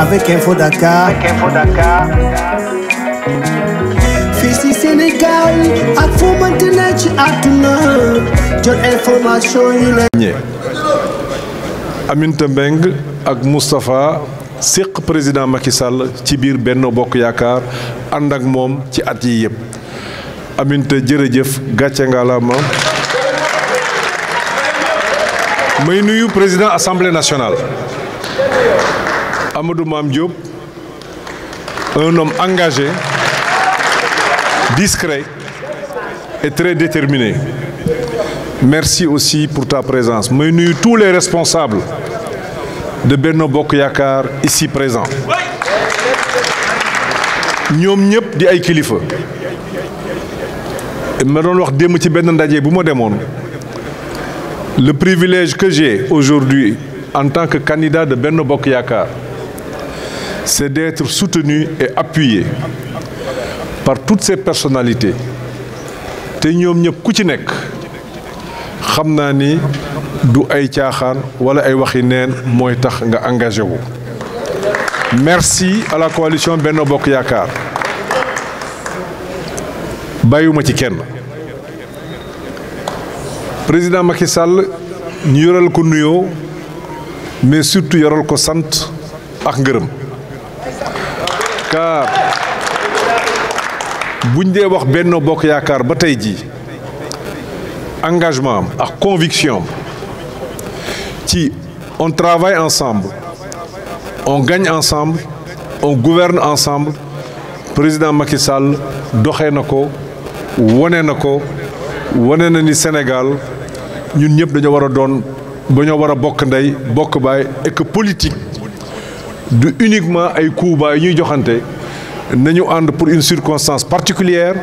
avec Info Dakar. Avec Info Dakar. Fils du Sénégal, ak foo mënti ne ci àdduna jot information yu la. Aminata Mbengue ak Moustapha séq président Macky Sall ci biir Benno Bokk Yaakaar ànd ak moom ci at yi yëpp de jërëjëf may nuyu président assemblée nationale. Amadou Mam un homme engagé, discret et très déterminé. Merci aussi pour ta présence. Menu tous les responsables de Benno Bokyakar ici présents. di le privilège que j'ai aujourd'hui en tant que candidat de Benno Bokyakar c'est d'être soutenu et appuyé par toutes ces personnalités Té ñom ñep ku ci nek xamna ni du ay tiaxan wala ay waxi neen moy tax nga engagé wu. merci à la coalition Benno Bokk Yakar. Bayuma ci kenn président Macky Sall ñu yoral ko nuyo mais surtout yoral ko sante ak ngeureum yaakaar buñ dee wax Benno Bokk Yaakaar ba tey jii engagement ak conviction ci on travaille ensemble on gagne ensemble on gouverne ensemble président Macky Sall doxee na ko wone na ko wone na ni Sénégal ñun ñëpp dañoo war a doon ba ñoo war a bokk ndey bokk baay et que politique de uniquement ay kuba yi ñuy joxante nañu pour une circonstance particulière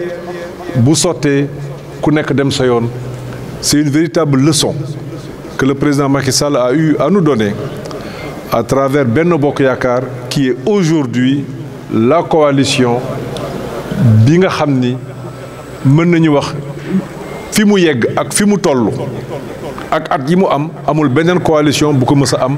bu soté ku nek dem sa c'est une véritable leçon que le président Macky Sall a eu à nous donner à travers Benno Bokk qui est aujourd'hui la coalition bi nga xamni ni mën nañu wax fi yegg ak fi mu ak at yi mu am amul coalition bu ko am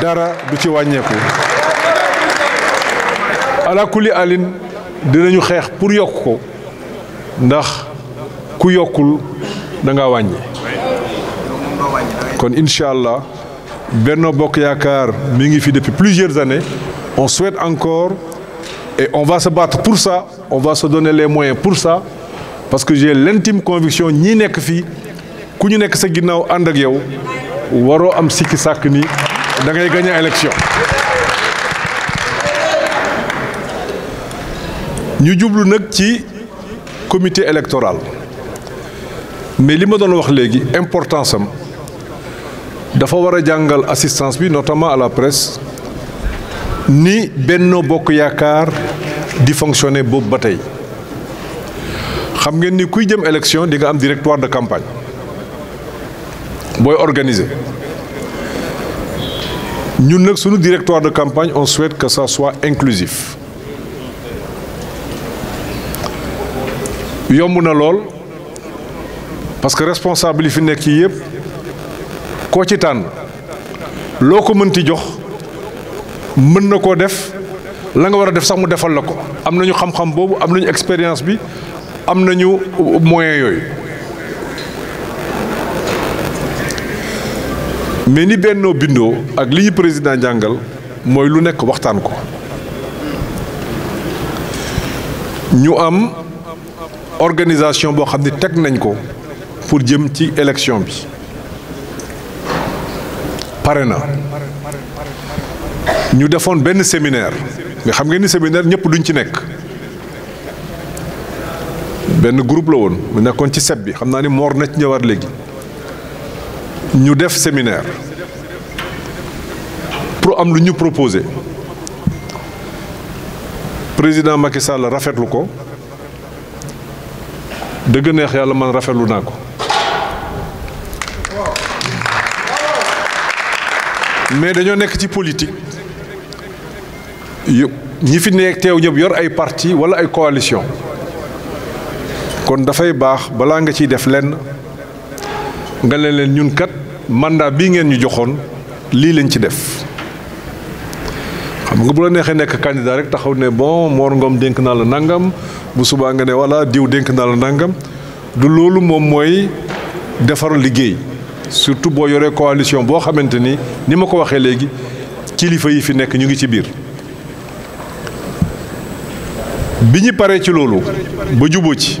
dara du ci wàññeeku alakuli alin dinañu xeex pour yokk ko ndax ku yokkul da nga wàññi kon incha allah Benno Bokk Yaakaar mi ngi fi depuis plusieurs années on souhaite encore et on va se battre pour ça on va se donner les moyens pour ça parce que j'ai l'intime conviction ñi nekk fii ku ñu nekk sa ginnaaw ànd ak yow waroo am sikki sàkk ni da ngay gagné élection ñu jublu nak ci comité électoral mais li ma doon wax légui importance am dafa wara jangal assistance bi notamment à la presse ni Benno Bokk Yaakaar di fonctionner bob batay xam ngeen ni kuy jëm élection di nga am directoire de campagne boy organiser ñun nag suñu directoire de campagne on souhaite que ça soit inclusif yomb na lool parce que responsable yi fi nekk yi yëpp koo ci tànn loo ko mënti jox mën na def la nga war def sax mu defal la am nañu xam-xam boobu am nañu expérience bi am nañu moyen yooyu mais ni bennoo bindoo ak li ñu président jàngal mooy lu nekk waxtaan ko ñu am organisation boo xam ne teg nañ ko pour jëm ci élection bi pare na ñu defoon benn séminaire mais xam ngeen ni séminaire ñëpp duñ ci nekk benn groupe la woon mu nekkoon ci set bi xam naa ni moor na ci ñëwaat léegi ñu def séminaire pour am lu ñu proposer. président Macky Sall rafetlu ko dëgg neex yàlla man rafetlu naa ko mais dañoo nekk ci politique ñi fi nekk teew ñëpp yor ay parti wala ay coalition kon dafay baax balaa nga ciy def lenn nga leen leen ñun kat mandat bi ngeen ñu joxoon lii lañ ci def xam nga bu la neexee nekk candidat rek taxaw ne bon Mor Ngom dénk naa la nangam bu suba nga ne wala diw dénk naa la nangam du loolu moom mooy defar liggéey surtout boo yoree coalition boo xamante ni ni ma ko waxee léegi kilifa yi fi nekk ñu ngi ci biir bi ñu paree ci loolu ba juboo ci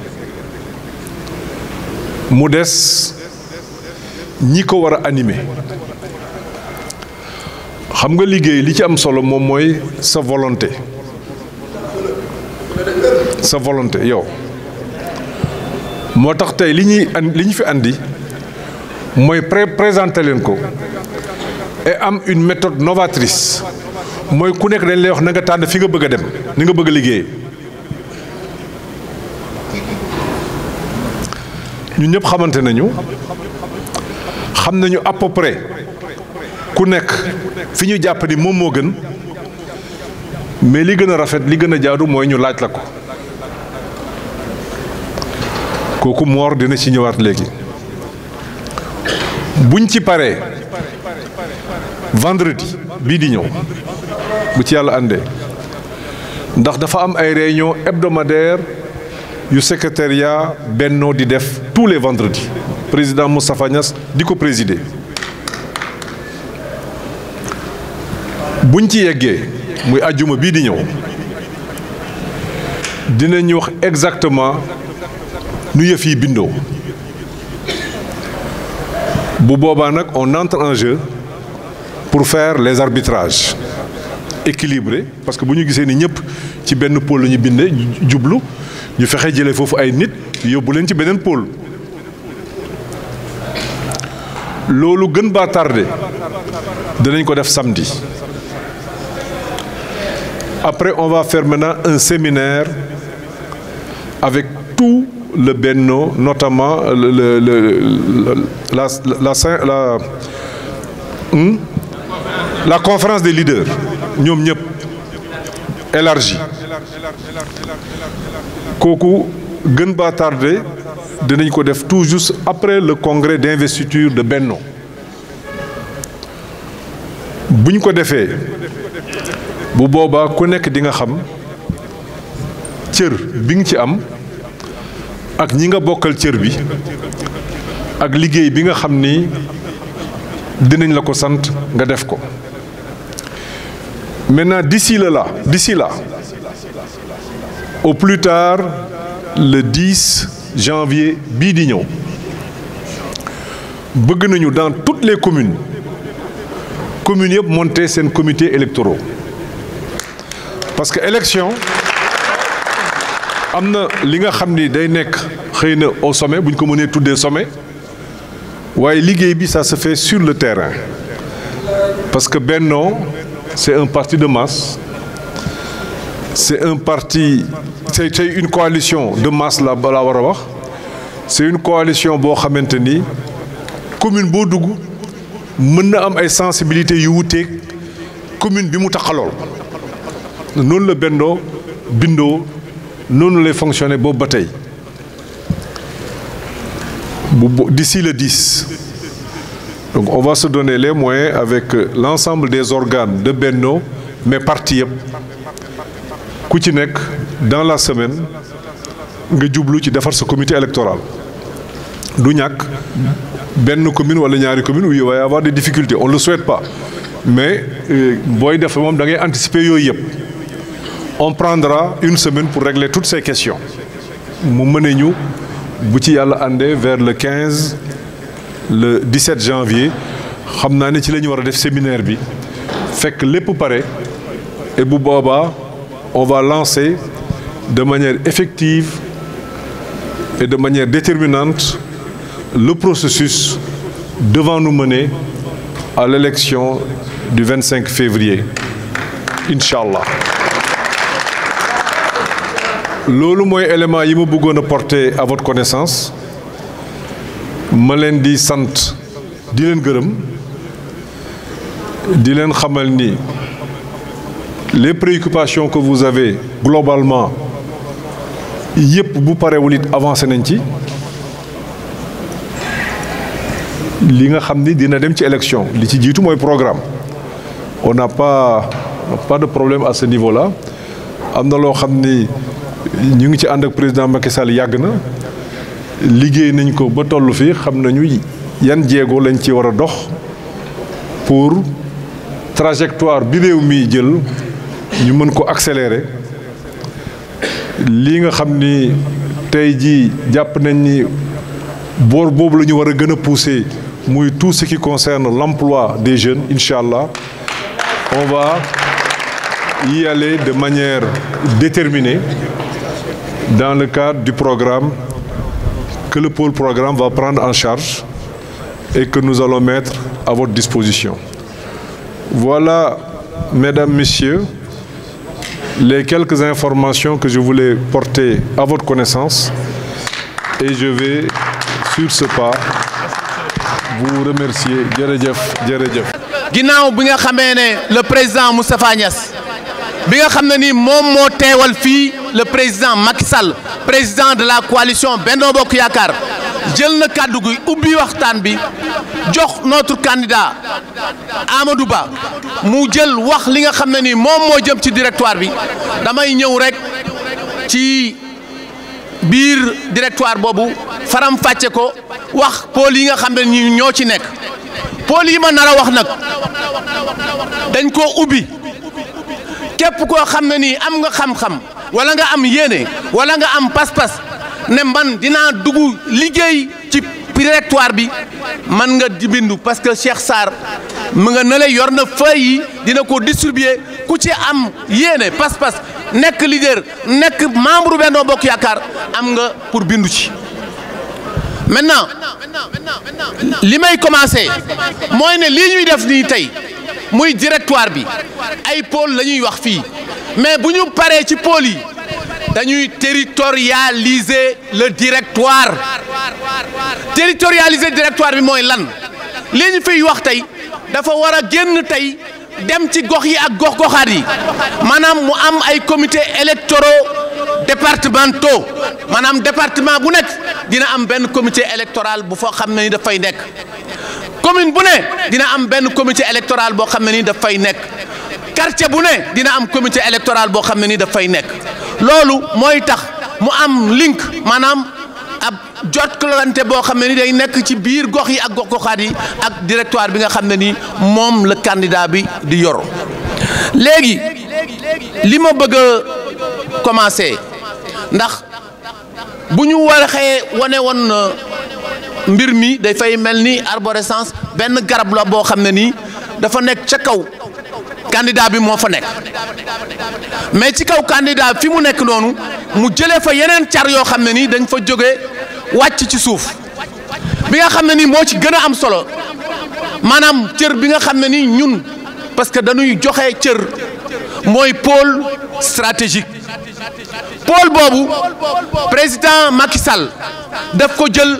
Modeste, ni animé. ko war am solo sa volonté sa volonté yow moo tax tey li andi et am une méthode novatrice Je ku nekk dañ lay wax na nga tànn fi nga ñu ñëpp xamante nañu xam nañu à peu près ku nekk fi ñu jàpp moom moo gën mais li gën a rafet li gën a jaadu mooy ñu laaj la ko kooku moor dina ci ñëwaat léegi buñ ci paree vendredi bii di ñëw bu ci yàlla àndee ndax dafa am ay réunion hebdomadaire Le secrétariat Benno Didef tous les vendredis président Moussa Fagnas, dico qu'il présider buñ ci avez muy exactement nous yëf yi le bu on entre en jeu pour faire les arbitrages équilibrés parce que vous nous sommes ni ñëpp ci benn pôle la ñu fexé jële fofu ay nit yóbbu leen ci beneen pôle lolu gën ba tardé danañ ko def samedi après on va faire maintenant un séminaire avec tout le Benno notamment le le le la la la la hmm? la conférence des leaders Nous ñëpp élargi. kooku gën baa tardé dinañ ko def tout juste après le congrès d'investiture de Benno bu ñu ko defee bu boobaa ku nekk di nga xam cër bi nga ci am ak ñi nga bokkal cër bi ak liggéey bi nga xam ni dinañ la ko sant nga def ko maintenant d'ici là d'ici au plus tard le 10 janvier Bidignon. dans toutes les communes communes montées monter comité électoraux parce que l'élection, am li nga au sommet vous ñu tous tout sommet Mais ça se fait sur le terrain parce que Benno c'est un parti de masse c'est un parti c'est une coalition de masse la c'est une coalition qui a maintenu commune une dugg mën na am ay sensibilité commune bi mu Nous, nous la les bindoo nous lay d'ici le 10 donc on va se donner les moyens avec l'ensemble des organes de bendo, mais parti ku dans la semaine nga djublu ci defar ce comité électoral du ñak ben commune wala ñaari commune où il va y avoir des difficultés on le souhaite pas mais euh, boy def mom da ngay anticiper on prendra une semaine pour régler toutes ces questions mu allons, ñu bu ci vers le 15 le 17 janvier xamna allons ne ci lañu def séminaire bi Fek lépp paré et bu on va lancer de manière effective et de manière déterminante le processus devant nous mener à l'élection du 25 février. Inch'Allah. loolu élément yi à votre connaissance ma sant di len di les préoccupations que vous avez globalement yep, bu parewul it avancer nanti. ci li nga xam dina dem ci élection li ci jiitu mooy programme on n'a pas pas de problème à ce niveau là Amnalo na loo xam ni ñu ngi ci ànd président Macky Sall yàgg na liggéey nañ ko ba tollu fi yan Diego lañ ci war dox pour trajectoire bi mi jël nous mën accélérer Nous nga tout ce qui concerne l'emploi des jeunes incha on va y aller de manière déterminée dans le cadre du programme que le pôle programme va prendre en charge et que nous allons mettre à votre disposition. Voilà, mesdames, messieurs les quelques informations que je voulais porter à votre connaissance. Et je vais, sur ce pas, vous remercier. Djeredjef, Djeredjef. ginnaaw bi nga le président Moustapha Niass bi nga xam le président Macky Sall président de la coalition Benno Bokk jël na kàddu gi ubbi waxtaan bi jox notre candidat Amadou Ba mu jël wax li nga xam ne ni moom moo jëm ci directoire bi damay ñëw rek ci biir directoire boobu faram fàcce ko wax pôle yi nga xam ne ni ñoo ci nekk pôle yi ma nar a wax nag dañ koo ubbi képp koo xam ne nii am nga xam-xam wala nga am yéene wala nga am pas-pas ne man dinaa dugg liggéey ci directoire bi man nga jibindu parce que Cheikh Sarr mu nga ne yor na feuille yi dina ko distribuer ku ci am yéene pas-pas nekk leader nekk membre Benno Bokk Yaakaar am nga pour bindu ci maintenant li may commencer mooy ne lii ñuy def nii tey muy directoire bi ay pol la ñuy wax fii mais bu ñu paree ci pôle yi dañuy territorialiser le directoire territorialiser directoire du quoi Ce que nous wax dem ci yi ak am comités électoraux départementaux département bu nous dina am comité électoral bu fo xamné ni commune bu dina am comité électoral pour xamné ni da quartier bu dina comité électoral bo xamné ni de loolu mooy tax mu am link maanaam ab jotkalante boo xam ne ni day nekk ci biir gox yi ak gox goxaat yi ak directoire bi nga xam ne nii moom la candidat bi di yor léegi li ma bëgg a commencer ndax bu ñu waxee wane woon mbir mi dafay mel ni arborescence benn garab la boo xam ne nii dafa nekk ca kaw candidat bi moo fa nekk mais ci kaw candidat fi mu nekk noonu mu jële fa yeneen car yoo xam ne nii dañ fa jóge wàcc ci suuf bi nga xam ne nii moo ci gën a am solo maanaam cër bi nga xam ne nii ñun parce que dañuy joxe cër mooy pôle stratégique pôle boobu président Macky Sall daf ko jël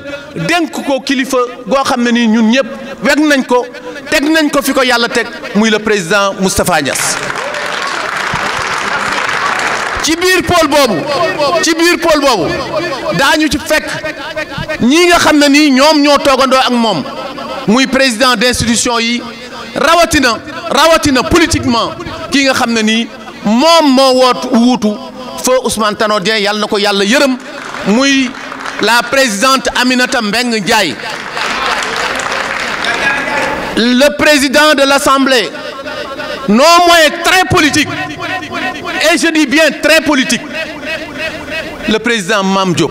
dénk ko kilifa goo xam ne nii ñun ñëpp. weg nañ ko teg nañ ko fiko yalla, yàlla teg muy le président Moustapha Niass ci biir pôle boobu ci biir pôle boobu daañu ci fekk ñii nga xam ni nii ñoom ñoo toogandoo ak moom muy président d'institution yi rawatina rawatina politiquement ki nga xam ne nii moom moo woot wuutu feu Ousmane Tanor Dieng yàlla na ko yàlla muy la présidente Aminata Mbengue Ndiaye le président de l'Assemblée, non moins très politique, et je dis bien très politique, le président Mamdjo.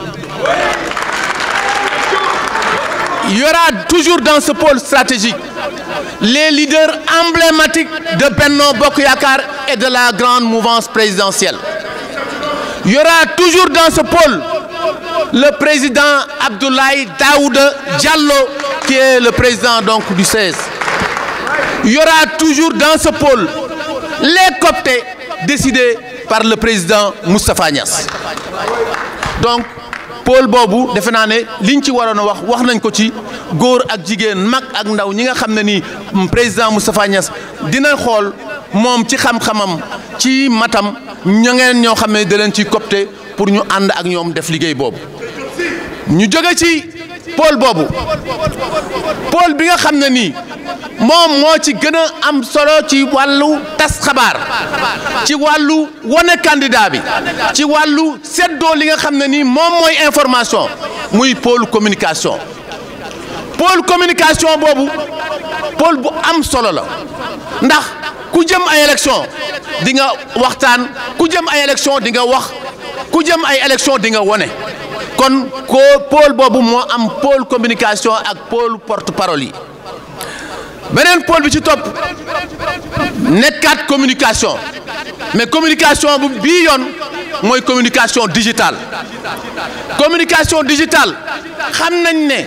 Il y aura toujours dans ce pôle stratégique les leaders emblématiques de Benno Bokuyakar et de la grande mouvance présidentielle. Il y aura toujours dans ce pôle le président Abdoulaye Daoud Diallo, qui est le président donc du 16 y aura toujours dans ce pôle les coptés décidés par le président Moustapha Niass donc Paul Bobu, de Fenane, ne liñ ci waroon a wax wax nañ ak ak ndaw président Moustapha Niass dina khol, mom ci matam nyanga ngeen ñoo de Copte, pour nous and ak def Paul Bobu. Paul, bi nga xamné ni mom mo ci am solo ci walu tas xabar ci walu woné candidat bi ci walu un li nga xamné ni mom information muy Paul communication Paul communication Bobu. Paul bu am solo la ndax ku jëm ay élection di nga waxtaan ku jëm ay élection di nga wax ku jëm ay élection di nga kon ko pôle bobu mo am pôle communication ak pôle porte parole yi beneen pôle bi ci topp communication mais communication bu bii yoon communication digitale communication digitale xam nañ ne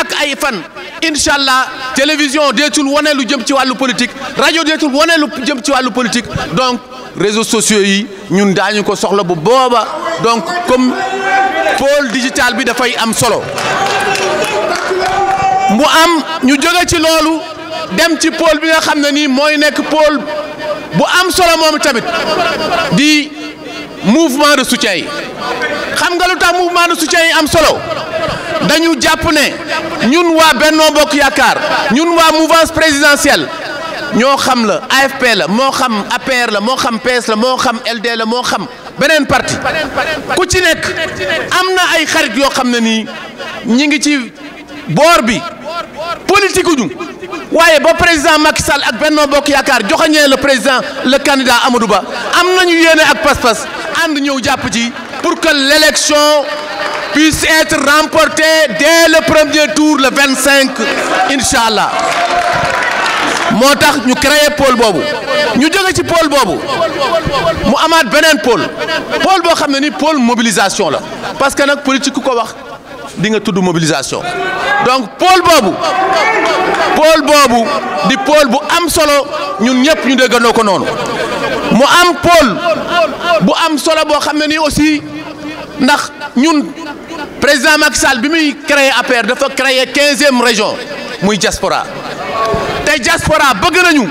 ak ay fan inshallah télévision deetul woné lu jëm ci walu politique Radio deetul woné lu jëm ci walu politique donc réseaux sociaux yi ñun dañu ko soxla bu boba donc comme pôle digital bi dafay am solo mu am ñu jóge ci loolu dem ci pôle bi nga xam ne nii mooy nekk pôle bu am solo moom tamit di mouvement de soutien yi xam nga lu tax mouvement de soutien yi am solo dañu jàpp ne ñun waa Benno Bokk Yaakaar ñun waa mouvance présidentielle ñoo xam la AFP la moo xam APR la moo xam PS la moo xam LD la moo xam. Benen parti ku ci nek amna ay xarit yo xam ni ñi ngi ci bor bi politique du waye ba président Macky Sall ak Benno Bokk Yaakaar joxagne le président le candidat Amadou Ba amna ñu yéene ak pas pass and ñëw japp ci pour que l'élection puisse être remportée dès le premier tour le 25 inshallah motax ñu créer pôle bobu ñu jóge ci pôle bobu mu amaat benen pôle pôle bo xamné ni pôle mobilisation la parce que nak politique ko wax di nga tuddu mobilisation donc pôle bobu pôle bobu di pôle bu am solo ñun ñëpp ñu déggandoo ko noonu mu am pôle bu am solo bo xamné ni aussi ndax ñun président Macky Sall bi muy créé APR dafa 15 quinzième région muy diaspora te diaspora bëgg nañu.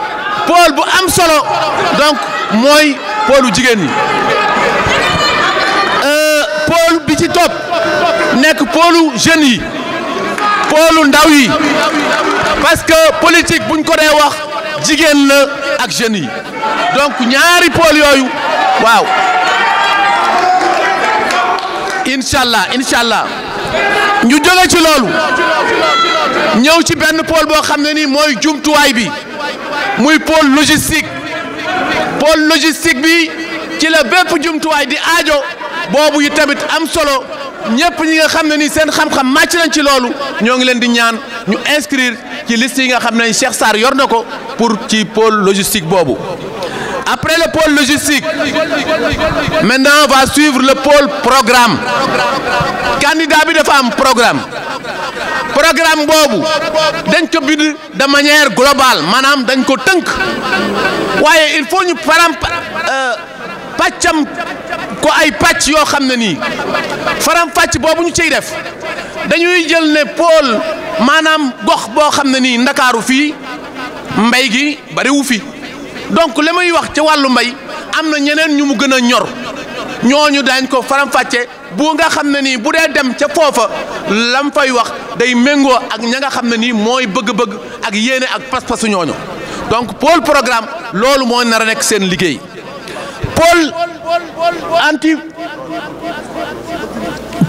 Paul, bu am solo donc moi Paul jigéen Paul euh, paul bi ci top Paul Paul jeune yi ndaw yi parce que politique buñ ko day wax la ak jeune yi donc ñaari Paul yoyu waaw Inshallah, Inshallah, ñu sommes ci ci muy pôle logistique pôle logistique bi ci la bép jumtuwaay di aajo bobu yi tamit am solo ñepp ñi nga xamné ni seen xam-xam match lañ ci lolu ñoo ngi leen di ñaan ñu inscrire ci liste yi nga xamné Cheikh sar yor na pour ci pôle logistique bobu après le pôle logistique maintenant on va suivre le pôle programme candidat bi dafa am programme programme boobu dañ ko bind de manière globale maanaam dañ ko tënk waaye il faut ñu param euh, pàccam ko ay pàcc yoo xam ne nii faram boobu ñu ciy def dañuy jël ne pôle maanaam gox boo xam ne nii ndakaaru fii mbay gi bariwu fi donc li may wax ci wàllu mbay am na ñeneen ñu mu gën a ñor ñooñu dañ ko faram bu nga xam ne nii dem ca foofa lam fay wax day mengo ak ña nga xam ne nii mooy bëgg-bëgg ak yéene ak pas-pasu ñooñu donc pôle programme loolu moo nar a nekk seen liggéey pôle anti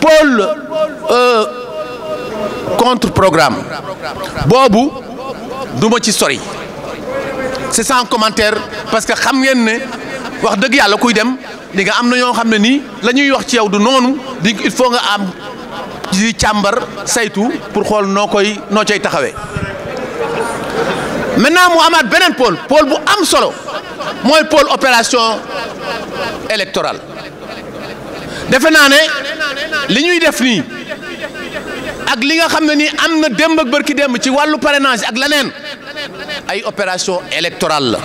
pôle euh, contre programme Bobu duma ci sori c'est sans commentaire parce que xam ngeen ne wax dëgg yalla kuy dem di nga am na ñoo xam ne nii lañuy ñuy wax ci yow du noonu di il faut nga am di càmbar saytu pour xool noo koy noo cay taxawee maintenant mu amaat beneen pôle pôle bu am solo mooy pôle opération électoral defe naa ne li ñuy def nii ak li nga xam ne nii am na démb bërki démb ci wàllu parrainage ak leneen ay opération électoral la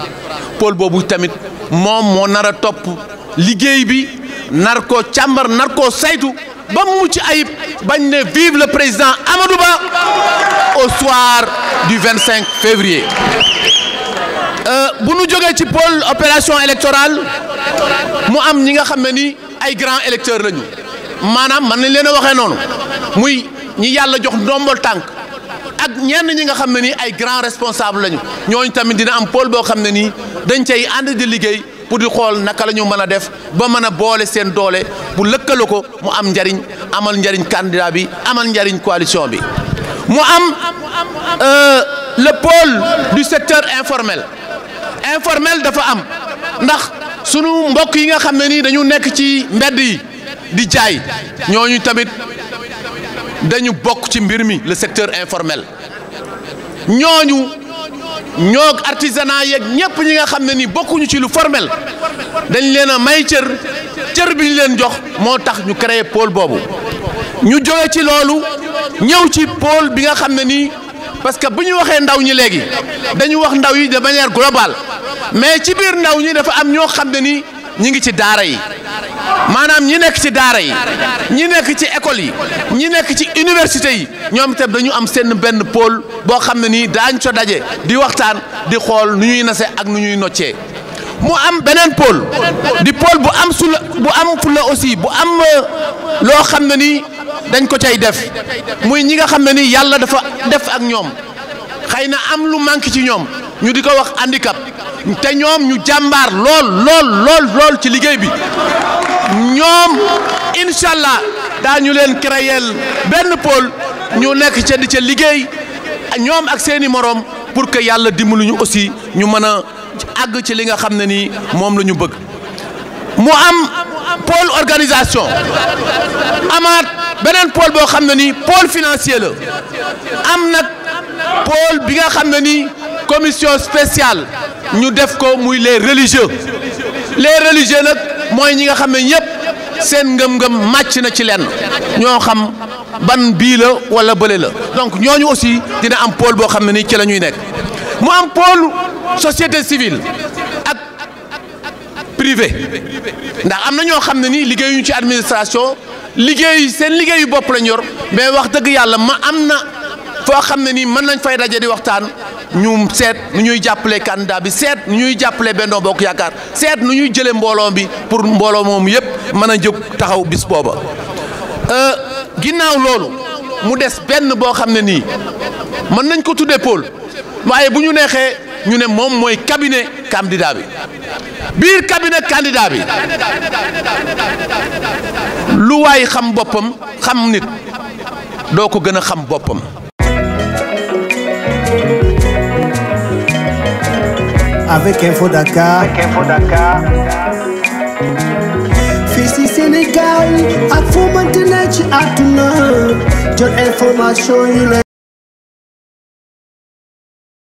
pôle boobu tamit moom moo nar a topp. liggéey bi Chamber, Narco càmbar nar koo saytu vive le président Amadou au soir du 25 février Si nous avons ci opération électorale mu am ñi nga xam ni ay grands électeurs lañu maanaam mën nañ leen a waxee noonu muy ñi yàlla jox ndombol tànk ak ñenn ñi nga xam ni ay grands responsables lañu ñooñu tamit am pôle bo xam ne dañ cay pour di xool naka la ñu mën a def ba mën a boole seen doole bu lëkkale ko mu am njariñ amal njariñ candidat bi amal njariñ coalition bi mu am euh, le du secteur informel informel dafa am ndax sunu mbokk yi nga xam ne nii dañu nekk ci mbedd yi di jaay ñooñu tamit dañu bokk ci mbir mi le secteur informel ñooñu. ñoo artisanat yeeg ñëpp ñi nga xam ne nii bokkuñu ci lu formel dañ leen a may cër cër bi ñu leen jox moo tax ñu créé pôle boobu ñu jóge ci loolu ñëw ci pôle bi nga xam ne nii parce que bu ñu waxee ndaw ñi léegi dañu wax ndaw yi de manière globale mais ci biir ndaw ñi dafa am ñoo xam ne nii ñi ngi ci daara yi maanaam ñi nekk ci daara yi ñi nekk ci école yi ñi nekk ci université yi ñoom itam dañu am seen benn pôle boo xam ne nii daañ co daje di waxtaan di xool nu ñuy nase ak nu ñuy noccee mu am beneen pôle di pôle bu am sul bu am fula aussi bu am euh, loo xam ne nii dañ ko cay def muy ñi nga xam ne nii yàlla dafa def ak ñoom xëy na am lu manque ci ñoom ñu di ko wax handicap te ñoom ñu jàmbaar lool lool lool lool ci liggéey bi ñoom incha allah daañu leen créer benn pôle ñu nekk ca di liggéey ñoom ak seeni moroom pour que yàlla ñu aussi ñu mën a àgg ci li nga xam ne nii moom la ñu bëgg mu am pôle organisation amaat beneen pôle boo xam ne nii pôle financier la am nag pôle bi nga xam ne nii. commission spéciale ñu def ko muy les religieux les religieux nag mooy ñi nga xam ne ñëpp seen ngëm-ngëm màcc na ci lenn ñoo xam ban bii la wala beulé la donc ñooñu aussi dina am pôle bo xamné ne ci lañuy nek mu am pôle société civile ak privé ndax amna na ñoo xam ne nii liggéeyuñu ci administration liggéey seen liggéeyu bop lañ yor mais wax dëgg yalla ma amna fo xamné ni ne mën nañ fay daje di waxtaan ñu seet nu ñuy jàppale candidat bi seet nu ñuy jàppale Benno Bokk Yaakaar seet nu ñuy jëlee mbooloo bi pour mbooloo moom yëpp mën a jóg taxaw bis booba euh, ginnaaw loolu mu des benn boo xam ne nii mën nañ ko tuddee pôle waaye bu ñu neexee ñu ne moom mooy cabinet candidat bi biir cabinet candidat bi lu waay xam boppam xam nit doo ko gën a xam boppam. avec Info Dakar. Avec Info Dakar. Sénégal, à fond maintenant, tu as tout le monde. information, il est.